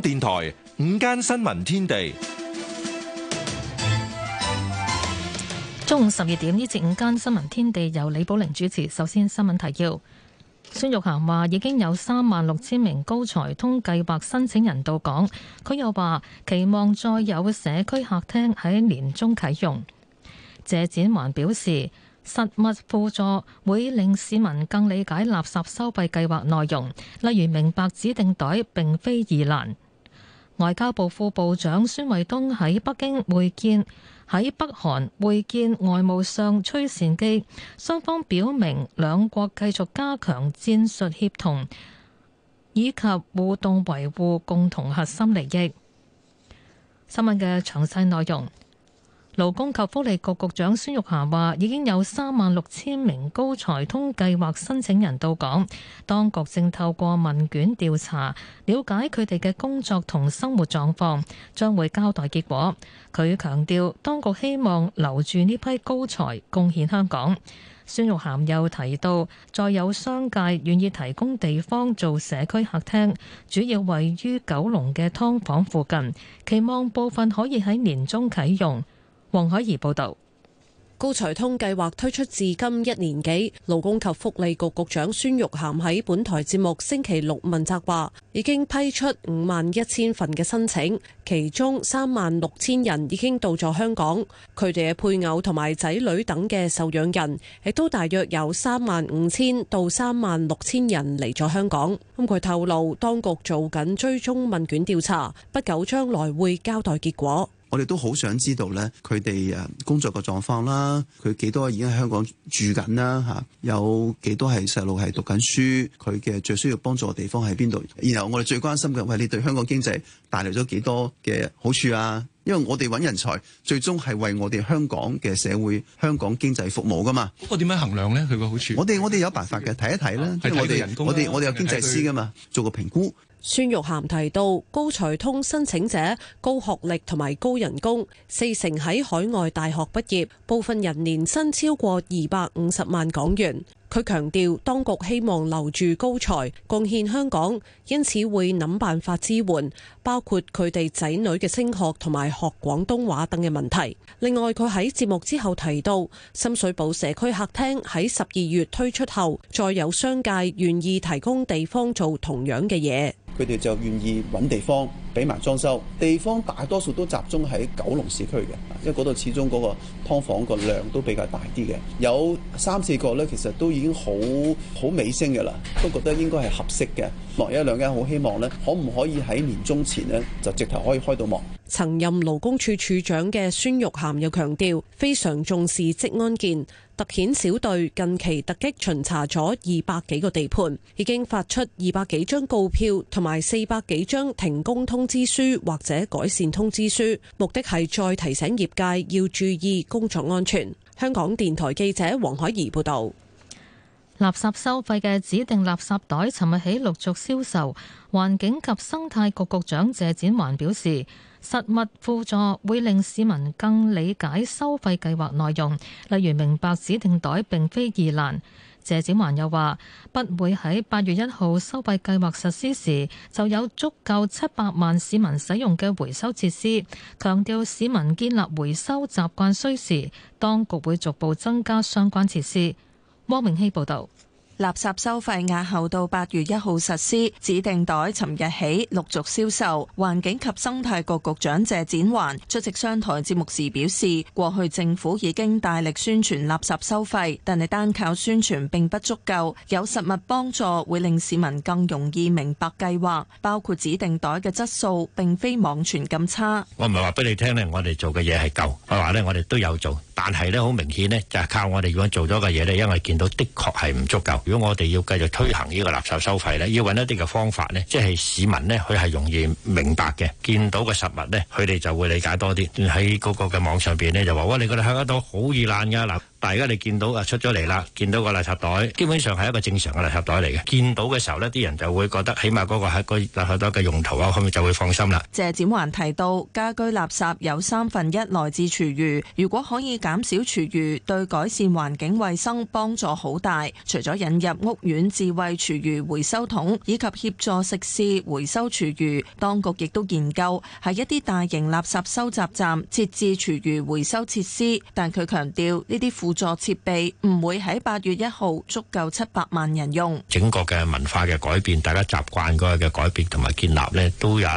電台午間新聞天地，中午十二點，呢節午間新聞天地由李寶玲主持。首先新聞提要：孫玉菡話已經有三萬六千名高才通計劃申請人到港，佢又話期望再有社區客廳喺年中啟用。謝展寰表示，實物輔助會令市民更理解垃圾收費計劃內容，例如明白指定袋並非易難。外交部副部長孫衛東喺北京會見，喺北韓會見外務相崔善姬，雙方表明兩國繼續加強戰術協同以及互動維護共同核心利益。新聞嘅詳細內容。勞工及福利局局長孫玉菡話：已經有三萬六千名高才通計劃申請人到港，當局正透過問卷調查了解佢哋嘅工作同生活狀況，將會交代結果。佢強調，當局希望留住呢批高才，貢獻香港。孫玉菡又提到，再有商界願意提供地方做社區客廳，主要位於九龍嘅劏房附近，期望部分可以喺年中啟用。黃海怡報道，高才通計劃推出至今一年幾，勞工及福利局局長孫玉菡喺本台節目星期六問責話，已經批出五萬一千份嘅申請，其中三萬六千人已經到咗香港，佢哋嘅配偶同埋仔女等嘅受養人，亦都大約有三萬五千到三萬六千人嚟咗香港。咁佢透露，當局做緊追蹤問卷調查，不久將來會交代結果。我哋都好想知道咧，佢哋啊工作嘅狀況啦，佢幾多已經喺香港住緊啦？吓、啊，有幾多係細路係讀緊書？佢嘅最需要幫助嘅地方喺邊度？然後我哋最關心嘅，喂、哎，你對香港經濟帶來咗幾多嘅好處啊？因為我哋揾人才，最終係為我哋香港嘅社會、香港經濟服務噶嘛。咁我點樣衡量咧？佢個好處？我哋我哋有辦法嘅，睇一睇啦。係睇人工。我哋我哋有經濟師噶嘛，做個評估。孫玉涵提到，高才通申請者高學歷同埋高人工，四成喺海外大學畢業，部分人年薪超過二百五十萬港元。佢強調，當局希望留住高才，貢獻香港，因此會諗辦法支援，包括佢哋仔女嘅升學同埋學廣東話等嘅問題。另外，佢喺節目之後提到，深水埗社區客廳喺十二月推出後，再有商界願意提供地方做同樣嘅嘢。佢哋就願意揾地方，俾埋裝修。地方大多數都集中喺九龍市區嘅，因為嗰度始終嗰個劏房個量都比較大啲嘅。有三、四個呢，其實都已經好好尾聲嘅啦，都覺得應該係合適嘅。落一兩間，好希望呢，可唔可以喺年終前呢，就直頭可以開到幕。曾任勞工處處長嘅孫玉菡又強調，非常重視職安健。特遣小隊近期突擊巡查咗二百幾個地盤，已經發出二百幾張告票同埋四百幾張停工通知書或者改善通知書，目的係再提醒業界要注意工作安全。香港電台記者黃海怡報道。垃圾收費嘅指定垃圾袋，尋日起陸續銷售。環境及生態局局長謝展環表示。實物輔助會令市民更理解收費計劃內容，例如明白指定袋並非易難。謝展環又話：不會喺八月一號收費計劃實施時就有足夠七百萬市民使用嘅回收設施，強調市民建立回收習慣需時，當局會逐步增加相關設施。汪明希報導。垃圾收費押後到八月一號實施，指定袋尋日起陸續銷售。環境及生態局局長謝展環出席商台節目時表示，過去政府已經大力宣傳垃圾收費，但係單靠宣傳並不足夠，有實物幫助會令市民更容易明白計劃，包括指定袋嘅質素並非網傳咁差。我唔係話俾你聽咧，我哋做嘅嘢係夠，我話咧我哋都有做。但係咧，好明顯咧，就係、是、靠我哋如果做咗嘅嘢咧，因為見到的確係唔足夠。如果我哋要繼續推行呢個垃圾收費咧，要揾一啲嘅方法咧，即係市民咧，佢係容易明白嘅，見到嘅實物咧，佢哋就會理解多啲。喺嗰個嘅網上邊咧，就話哇，你嗰啲香港島好易爛㗎嗱。大家你見到啊出咗嚟啦，見到個垃圾袋，基本上係一個正常嘅垃圾袋嚟嘅。見到嘅時候呢，啲人就會覺得，起碼嗰個係個垃圾袋嘅用途啊，佢就會放心啦。謝展環提到，家居垃圾有三分一來自廚餘，如果可以減少廚餘，對改善環境衛生幫助好大。除咗引入屋苑智慧廚餘回收桶，以及協助食肆回收廚餘，當局亦都研究喺一啲大型垃圾收集站設置廚餘回收設施。但佢強調呢啲負做設備唔會喺八月一號足夠七百萬人用，整個嘅文化嘅改變，大家習慣嗰日嘅改變同埋建立呢，都有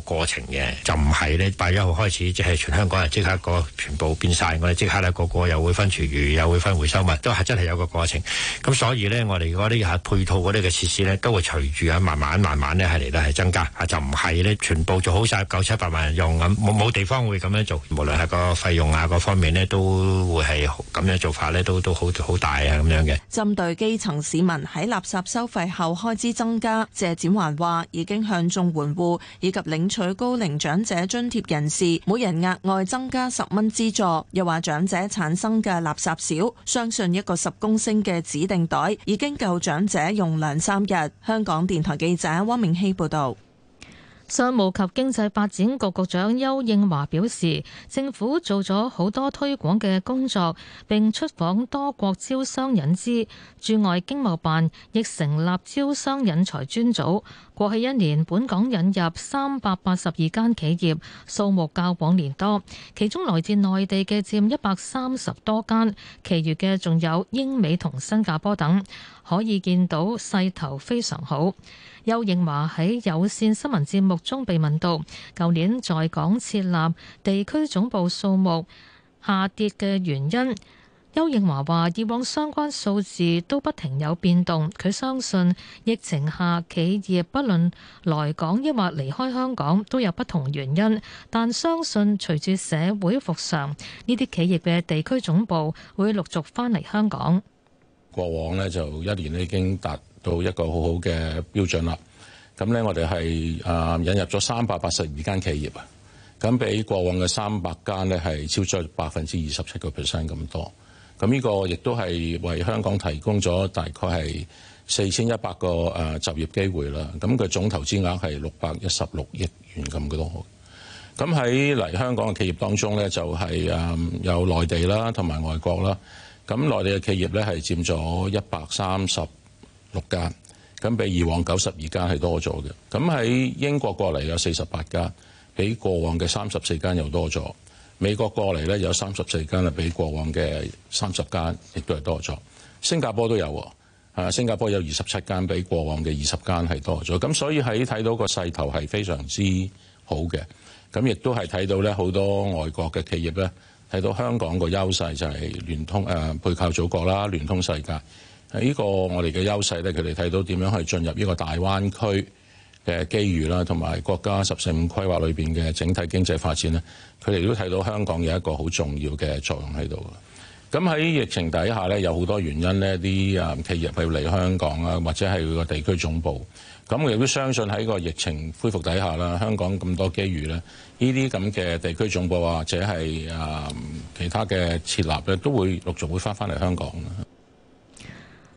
過程嘅就唔係咧，八月一號開始即係、就是、全香港人即刻個全部變晒，我哋即刻咧個，個個又會分廚餘，又會分回收物，都係真係有個過程。咁所以咧，我哋嗰啲係配套嗰啲嘅設施咧，都會隨住啊，慢慢慢慢咧係嚟咧係增加。啊，就唔係咧，全部做好晒九七百萬人用咁，冇冇地方會咁樣做，無論係個費用啊，各方面咧都會係咁樣做法咧，都都好好大啊咁樣嘅。針對基層市民喺垃圾收費後開支增加，謝展寰話已經向眾援戶以及領。取高齡長者津貼人士，每人額外增加十蚊資助。又話長者產生嘅垃圾少，相信一個十公升嘅指定袋已經夠長者用兩三日。香港電台記者汪明熙報道。商務及經濟發展局局長丘應樺表示，政府做咗好多推廣嘅工作，並出訪多國招商引資。駐外經貿辦亦成立招商引才專組。過去一年，本港引入三百八十二間企業，數目較往年多。其中來自內地嘅佔一百三十多間，其餘嘅仲有英美同新加坡等，可以見到勢頭非常好。邱應華喺有線新聞節目中被問到，舊年在港設立地區總部數目下跌嘅原因。邱應華話：以往相關數字都不停有變動，佢相信疫情下企業不論來港抑或離開香港都有不同原因，但相信隨住社會復常，呢啲企業嘅地區總部會陸續翻嚟香港。過往呢就一年呢已經達到一個好好嘅標準啦。咁呢，我哋係誒引入咗三百八十二間企業啊，咁比過往嘅三百間呢係超出百分之二十七個 percent 咁多。咁呢個亦都係為香港提供咗大概係四千一百個誒就業機會啦。咁佢總投資額係六百一十六億元咁多。咁喺嚟香港嘅企業當中呢，就係誒有內地啦，同埋外國啦。咁內地嘅企業呢，係佔咗一百三十六間，咁比以往九十二間係多咗嘅。咁喺英國過嚟有四十八間，比過往嘅三十四間又多咗。美國過嚟咧有三十四間啦，比過往嘅三十間亦都係多咗。新加坡都有。啊，新加坡有二十七間，比過往嘅二十間係多咗。咁所以喺睇到個勢頭係非常之好嘅。咁亦都係睇到咧好多外國嘅企業咧，睇到香港個優勢就係聯通誒背、呃、靠祖國啦，聯通世界。喺、這、呢個我哋嘅優勢咧，佢哋睇到點樣去進入呢個大灣區嘅機遇啦，同埋國家十四五規劃裏邊嘅整體經濟發展咧，佢哋都睇到香港有一個好重要嘅作用喺度。咁喺疫情底下咧，有好多原因呢啲啊企業要嚟香港啊，或者係個地區總部。咁我亦都相信喺個疫情恢復底下啦，香港咁多機遇咧，呢啲咁嘅地區總部或者係啊、呃、其他嘅設立咧，都會陸續會翻翻嚟香港啦。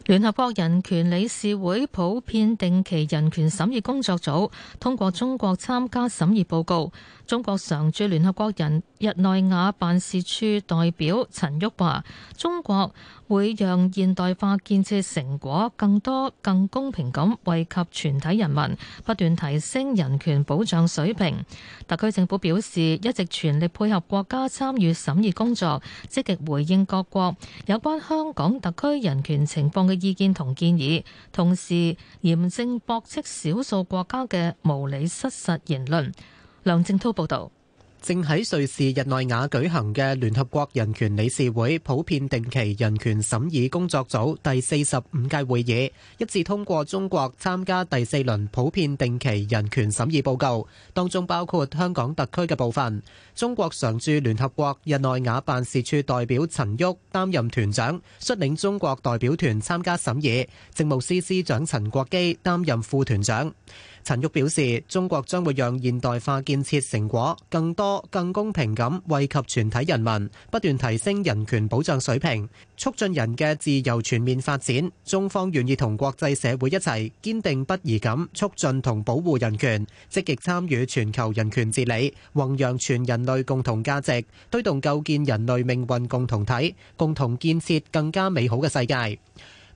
聯合國人權理事會普遍定期人權審議工作組通過中國參加審議報告。中國常駐聯合國人日內瓦辦事處代表陳旭話：中國會讓現代化建設成果更多、更公平咁惠及全體人民，不斷提升人權保障水平。特區政府表示一直全力配合國家參與審議工作，積極回應各國有關香港特區人權情況嘅意見同建議，同時嚴正駁斥少數國家嘅無理失實言論。梁正濤報道。正喺瑞士日內瓦舉行嘅聯合國人權理事會普遍定期人權審議工作組第四十五屆會議一致通過中國參加第四輪普遍定期人權審議報告，當中包括香港特區嘅部分。中國常駐聯合國日內瓦辦事處代表陳旭擔任團長，率領中國代表團參加審議。政務司司長陳國基擔任副團長。陳旭表示，中國將會讓現代化建設成果更多、更公平咁惠及全體人民，不斷提升人權保障水平，促進人嘅自由全面發展。中方願意同國際社會一齊堅定不移咁促進同保護人權，積極參與全球人權治理，弘揚全人類共同價值，推動構建人類命運共同體，共同建設更加美好嘅世界。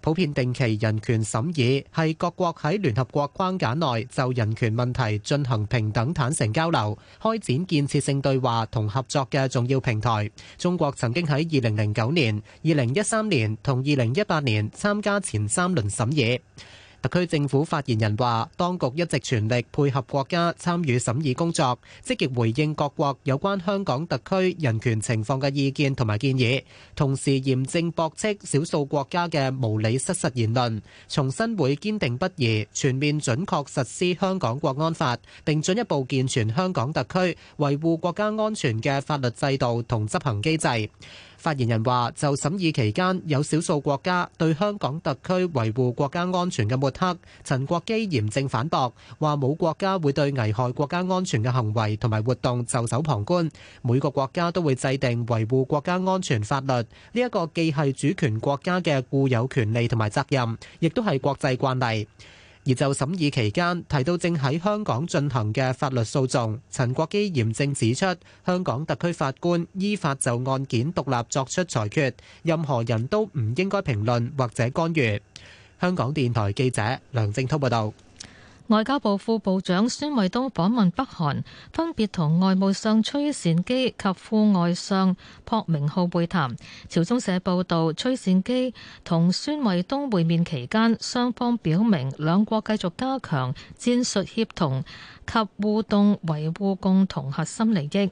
普遍定期人權審議係各國喺聯合國框架內就人權問題進行平等坦誠交流、開展建設性對話同合作嘅重要平台。中國曾經喺二零零九年、二零一三年同二零一八年參加前三輪審議。特區政府發言人話：當局一直全力配合國家參與審議工作，積極回應各國有關香港特區人權情況嘅意見同埋建議，同時嚴正駁斥少數國家嘅無理失實言論，重申會堅定不移、全面準確實施香港國安法，並進一步健全香港特區維護國家安全嘅法律制度同執行機制。發言人話，就沈翼期間，有少數國家對香港特區維護國家安全的摩托，陳國際嚴正反奪，話無國家會對危害國家安全的行為和活動遮守旁觀，每個國家都會制定維護國家安全法律，這個既是主權國家的固有權利和責任，亦都是國際慣例。而就審議期間提到正喺香港進行嘅法律訴訟，陳國基嚴正指出，香港特區法官依法就案件獨立作出裁決，任何人都唔應該評論或者干預。香港電台記者梁正滔報道。外交部副部長孫衛東訪問北韓，分別同外務相崔善基及副外相朴明浩會談。朝中社報道，崔善基同孫衛東會面期間，雙方表明兩國繼續加強戰術協同及互動，維護共同核心利益。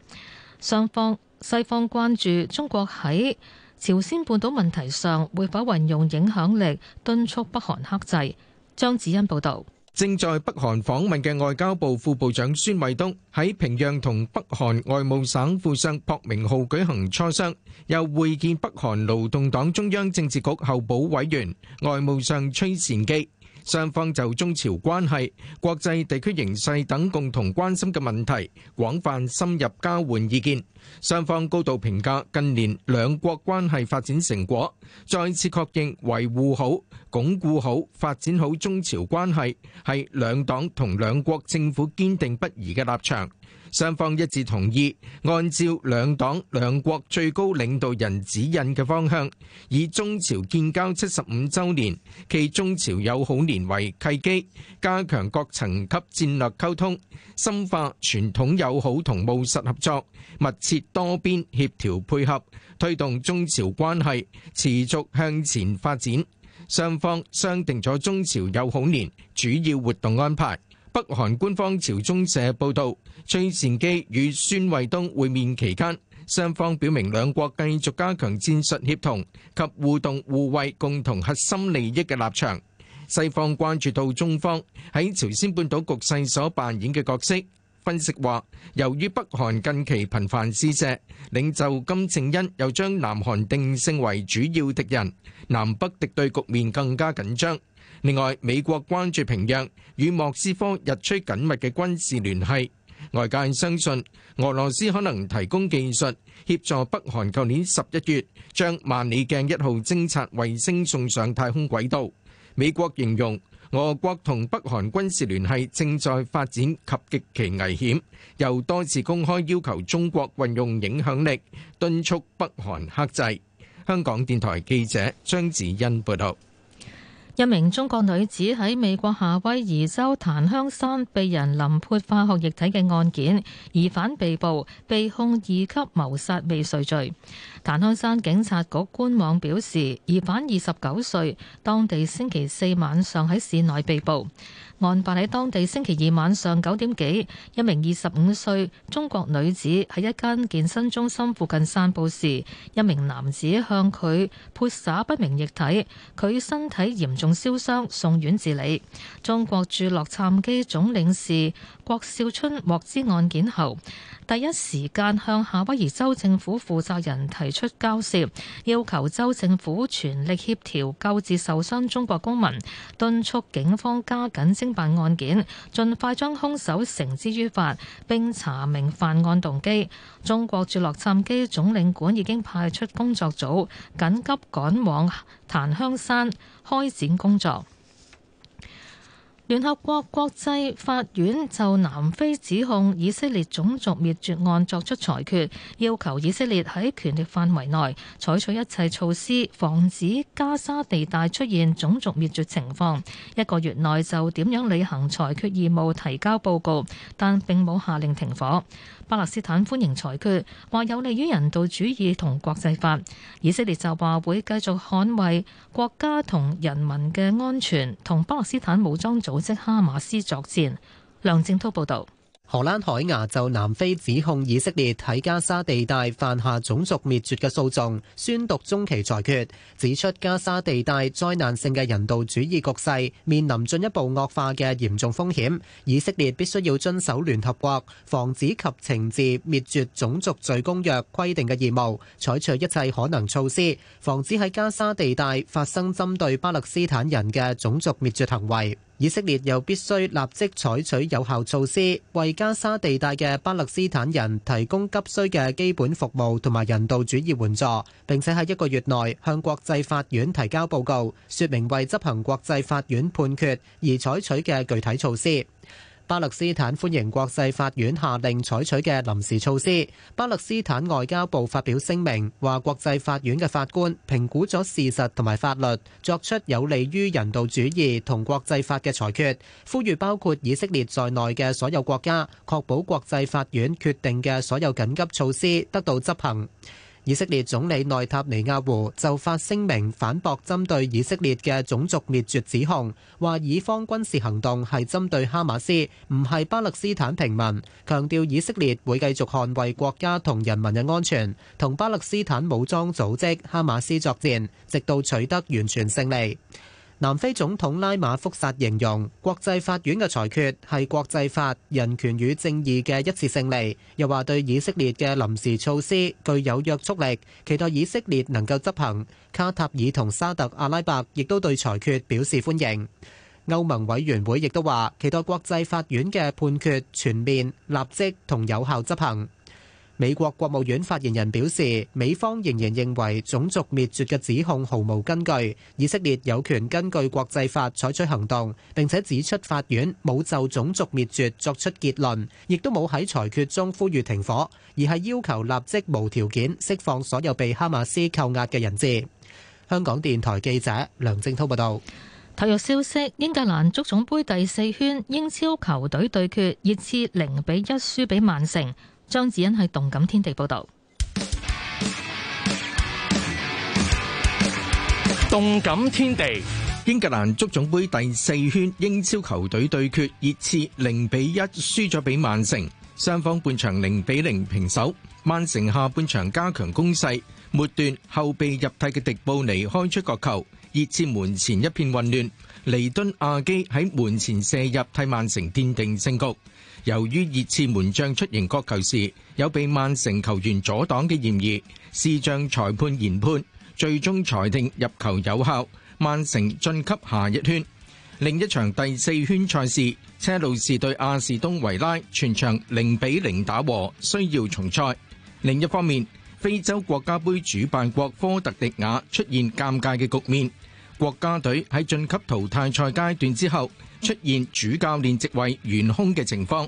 雙方西方關注中國喺朝鮮半島問題上會否運用影響力敦促北韓克制。張子欣報導。正在北韓訪問嘅外交部副部長孫衛東喺平壤同北韓外務省副相朴明浩舉行磋商，又會見北韓勞動黨中央政治局候補委員外務相崔善姬。雙方就中朝關係、國際地區形勢等共同關心嘅問題，廣泛深入交換意見。雙方高度評價近年兩國關係發展成果，再次確認維護好、鞏固好、發展好中朝關係，係兩黨同兩國政府堅定不移嘅立場。雙方一致同意，按照兩黨兩國最高領導人指引嘅方向，以中朝建交七十五週年暨中朝友好年為契機，加強各層級戰略溝通，深化傳統友好同務實合作，密切多邊協調配合，推動中朝關係持續向前發展。雙方商定咗中朝友好年主要活動安排。北韓官方朝中社報道，崔善姬與孫衛東會面期間，雙方表明兩國繼續加強戰術協同及互動互惠、共同核心利益嘅立場。西方關注到中方喺朝鮮半島局勢所扮演嘅角色。分析話，由於北韓近期頻繁試射，領袖金正恩又將南韓定性為主要敵人，南北敵對局面更加緊張。另外，美國關注平壤與莫斯科日趨緊密嘅軍事聯繫，外界相信俄羅斯可能提供技術協助北韓，舊年十一月，將萬里鏡一號偵察衛星送上太空軌道。美國形容俄國同北韓軍事聯繫正在發展及極其危險，又多次公開要求中國運用影響力，敦促北韓克制。香港電台記者張子欣報道，一名中國女子喺美國夏威夷州檀香山被人淋潑化學液體嘅案件，疑犯被捕，被控二級謀殺未遂罪。檀香山警察局官網表示，疑犯二十九歲，當地星期四晚上喺市內被捕。案發喺當地星期二晚上九點幾，一名二十五歲中國女子喺一間健身中心附近散步時，一名男子向佢潑灑不明液體，佢身體嚴重燒傷，送院治理。中國駐洛杉磯總領事郭少春獲知案件後。第一時間向夏威夷州政府負責人提出交涉，要求州政府全力協調救治受傷中國公民，敦促警方加緊偵辦案件，盡快將兇手繩之於法，並查明犯案動機。中國駐洛杉磯總領館已經派出工作組，緊急趕往檀香山開展工作。聯合國國際法院就南非指控以色列種族滅絕案作出裁決，要求以色列喺權力範圍內採取一切措施，防止加沙地帶出現種族滅絕情況。一個月內就點樣履行裁決義務提交報告，但並冇下令停火。巴勒斯坦歡迎裁決，話有利於人道主義同國際法。以色列就話會繼續捍衞國家同人民嘅安全，同巴勒斯坦武裝組織哈馬斯作戰。梁正滔報導。荷蘭海牙就南非指控以色列喺加沙地帶犯下種族滅絕嘅訴訟，宣讀中期裁決，指出加沙地帶災難性嘅人道主義局勢面臨進一步惡化嘅嚴重風險，以色列必須要遵守聯合國防止及懲治滅絕種族罪公約規定嘅義務，採取一切可能措施，防止喺加沙地帶發生針對巴勒斯坦人嘅種族滅絕行為。以色列又必須立即採取有效措施，為加沙地帶嘅巴勒斯坦人提供急需嘅基本服務同埋人道主義援助，並且喺一個月內向國際法院提交報告，說明為執行國際法院判決而採取嘅具體措施。巴勒斯坦歡迎國際法院下令採取嘅臨時措施。巴勒斯坦外交部發表聲明，話國際法院嘅法官評估咗事實同埋法律，作出有利於人道主義同國際法嘅裁決，呼籲包括以色列在內嘅所有國家確保國際法院決定嘅所有緊急措施得到執行。以色列總理內塔尼亞胡就發聲明反駁針對以色列嘅種族滅絕指控，話以方軍事行動係針對哈馬斯，唔係巴勒斯坦平民，強調以色列會繼續捍衛國家同人民嘅安全，同巴勒斯坦武裝組織哈馬斯作戰，直到取得完全勝利。南非總統拉馬福薩形容，國際法院嘅裁決係國際法、人權與正義嘅一次勝利，又話對以色列嘅臨時措施具有約束力，期待以色列能夠執行。卡塔爾同沙特阿拉伯亦都對裁決表示歡迎。歐盟委員會亦都話，期待國際法院嘅判決，全面、立即同有效執行。美國國務院發言人表示，美方仍然認為種族滅絕嘅指控毫無根據，以色列有權根據國際法採取行動，並且指出法院冇就種族滅絕作出結論，亦都冇喺裁決中呼籲停火，而係要求立即無條件釋放所有被哈馬斯扣押嘅人質。香港電台記者梁正滔報道。體育消息，英格蘭足總杯第四圈英超球隊對決，熱刺零比一輸畀曼城。張子欣喺動感天地報道。動感天地，英格蘭足總杯第四圈英超球隊對決，熱刺零比一輸咗俾曼城。雙方半場零比零平手，曼城下半場加強攻勢，末段後備入替嘅迪布尼開出角球，熱刺門前一片混亂，尼敦亞基喺門前射入替曼城奠定勝局。由於熱刺門將出迎角球時有被曼城球員阻擋嘅嫌疑，視像裁判研判，最終裁定入球有效，曼城晉級下一圈。另一場第四圈賽事，車路士對阿士東維拉全場零比零打和，需要重賽。另一方面，非洲國家盃主辦國科特迪瓦出現尷尬嘅局面，國家隊喺晉級淘汰賽階段之後，出現主教練席位懸空嘅情況，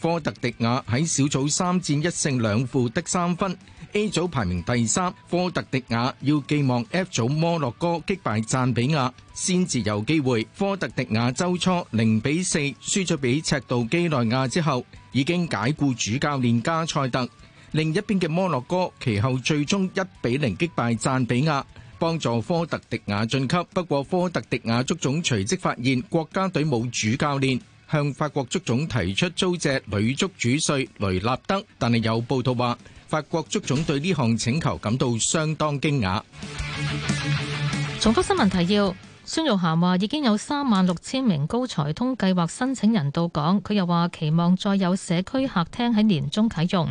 科特迪瓦喺小組三戰一勝兩負得三分，A 組排名第三。科特迪瓦要寄望 F 組摩洛哥擊敗讚比亞先至有機會。科特迪瓦周初零比四輸咗俾赤道幾內亞之後，已經解雇主教練加塞特。另一邊嘅摩洛哥，其後最終一比零擊敗讚比亞。幫助科特迪瓦晉級，不過科特迪瓦足總隨即發現國家隊冇主教練，向法國足總提出租借女足主帥雷納德，但係有報道話法國足總對呢項請求感到相當驚訝。重複新聞提要：孫玉菡話已經有三萬六千名高才通計劃申請人到港，佢又話期望再有社區客廳喺年中啟用。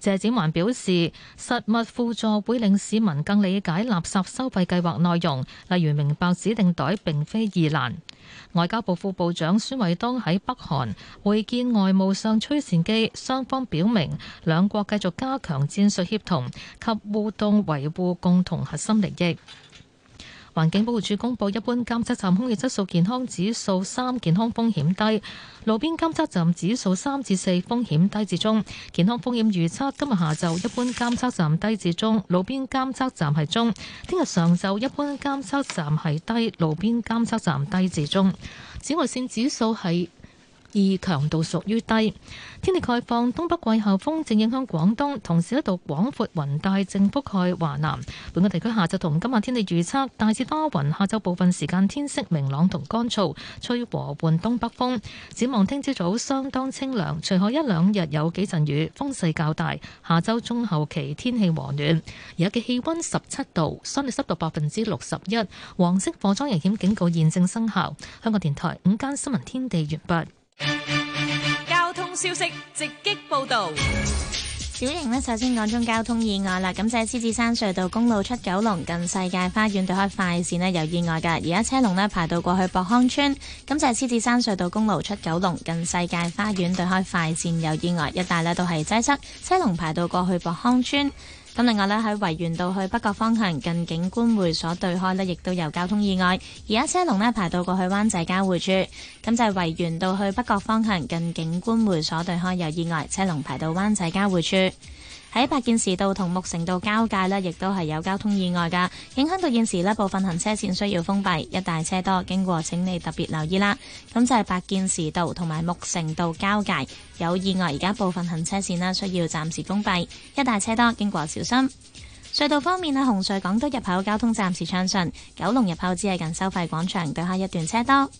謝展環表示，實物輔助會令市民更理解垃圾收費計劃內容，例如明白指定袋並非易爛。外交部副部長孫衛東喺北韓會見外務相崔善姬，雙方表明兩國繼續加強戰術協同及互動，維護共同核心利益。環境保護署公布，一般監測站空氣質素健康指數三，健康風險低；路邊監測站指數三至四，風險低至中。健康風險預測今日下晝一般監測站低至中，路邊監測站係中；聽日上晝一般監測站係低，路邊監測站低至中。紫外線指數係，而強度屬於低，天氣概況：東北季候風正影響廣東，同時一道廣闊雲帶正覆蓋華南。本港地區下晝同今晚天氣預測大致多雲，下晝部分時間天色明朗同乾燥，吹和緩東北風。展望聽朝早相當清涼，隨後一兩日有幾陣雨，風勢較大。下晝中後期天氣和暖。而家嘅氣温十七度，相對濕度百分之六十一。黃色火災危險警告現正生效。香港電台午間新聞天地完畢。交通消息直擊報道，小型呢，首先講中交通意外啦，咁就係獅子山隧道公路出九龍近世界花園對開快線呢，有意外噶，而家車龍呢，排到過去博康村，咁就係獅子山隧道公路出九龍近世界花園對開快線有意外，一帶呢，都係擠塞，車龍排到過去博康村。咁另外咧，喺維園道去北角方向近景觀會所對開呢，亦都有交通意外，而家車龍呢，排到過去灣仔交匯處。咁就係維園道去北角方向近景觀會所對開有意外，車龍排到灣仔交匯處。喺百健士道同木城道交界呢，亦都係有交通意外噶，影響到現時呢，部分行車線需要封閉，一帶車多，經過請你特別留意啦。咁就係百健士道同埋木城道交界有意外，而家部分行車線呢，需要暫時封閉，一帶車多，經過小心。隧道方面呢，紅隧港島入口交通暫時暢順，九龍入口只係近收費廣場對下一段車多，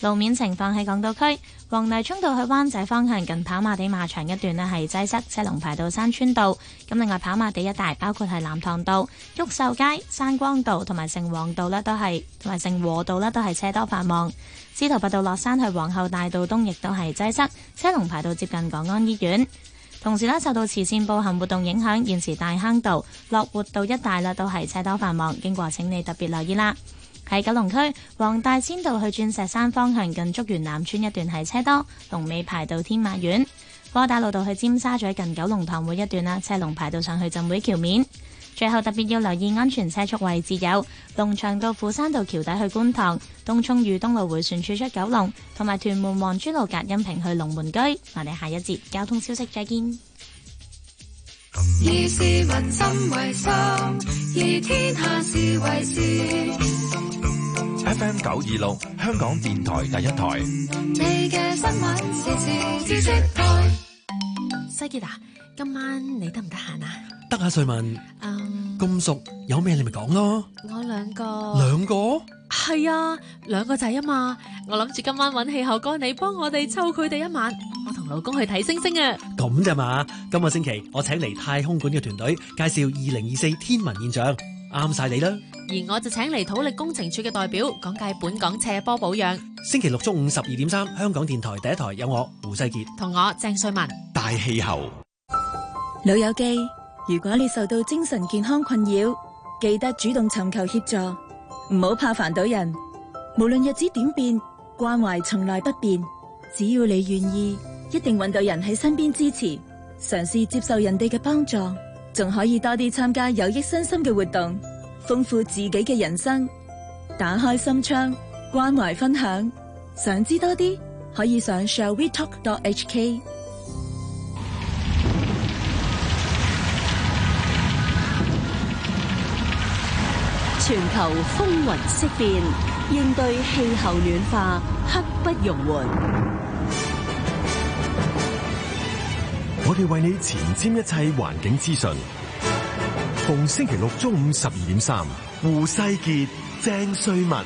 路面情況喺港島區。黃泥涌道去灣仔方向，近跑馬地馬場一段咧係擠塞，車龍排到山村道。咁另外跑馬地一帶，包括係藍塘道、毓秀街、山光道同埋成和道咧，道都係同埋成和道咧都係車多繁忙。司徒拔道落山去皇后大道東，亦都係擠塞，車龍排到接近港安醫院。同時咧，受到慈善步行活動影響，現時大坑道、樂活道一帶啦，都係車多繁忙，經過請你特別留意啦。喺九龍區黃大仙道去鑽石山方向，近竹園南村一段係車多，龍尾排到天馬苑；窩打老道去尖沙咀，近九龍塘會一段啦，車龍排到上去浸會橋面。最後特別要留意安全車速位置，有龍翔道富山道橋底去觀塘，東涌裕東路迴旋處出九龍，同埋屯門黃珠路隔音屏去龍門居。我哋下一節交通消息，再見。以市民心為心，以天下事為事。FM 九二六，香港電台第一台。你嘅新聞時事資訊台。西杰啊，今晚你得唔得閒啊？得啊，瑞文，咁熟有咩你咪講咯。我兩個，兩個係啊，兩個仔啊嘛。我諗住今晚揾氣候哥你幫我哋湊佢哋一晚。我同老公去睇星星啊。咁咋嘛？今個星期我請嚟太空館嘅團隊介紹二零二四天文現象，啱晒你啦。而我就請嚟土力工程處嘅代表講解本港斜坡保養。星期六中午十二點三，香港電台第一台有我胡世杰同我鄭瑞文。大氣候老友記。如果你受到精神健康困擾，記得主動尋求協助，唔好怕煩到人。無論日子點變，關懷從來不變。只要你願意，一定搵到人喺身邊支持。嘗試接受人哋嘅幫助，仲可以多啲參加有益身心嘅活動，豐富自己嘅人生。打開心窗，關懷分享。想知多啲，可以上 ShallWeTalk.hk。全球風雲色變，應對氣候暖化刻不容緩。我哋為你前瞻一切環境資訊，逢星期六中午十二點三，胡世杰、鄭瑞文，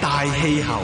大氣候。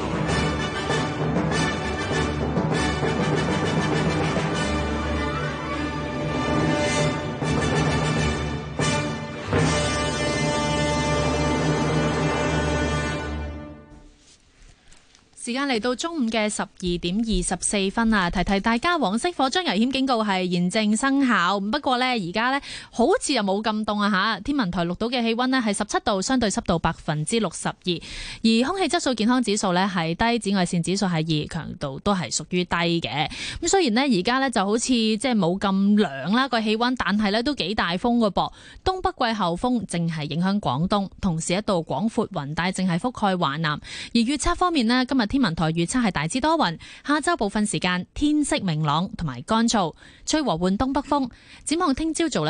時間嚟到中午嘅十二點二十四分啊。提提大家，黃色火災危險警告係現正生效。不過呢，而家呢好似又冇咁凍啊吓。天文台錄到嘅氣溫呢係十七度，相對濕度百分之六十二，而空氣質素健康指數呢係低，紫外線指數係二，強度都係屬於低嘅。咁雖然呢，而家呢就好似即係冇咁涼啦，個氣溫，但係呢都幾大風噶噃。東北季候風正係影響廣東，同時一道廣闊雲帶正係覆蓋華南。而預測方面呢，今日天，天天文台預測係大致多雲，下周部分時間天色明朗同埋乾燥，吹和緩東北風。展望聽朝早。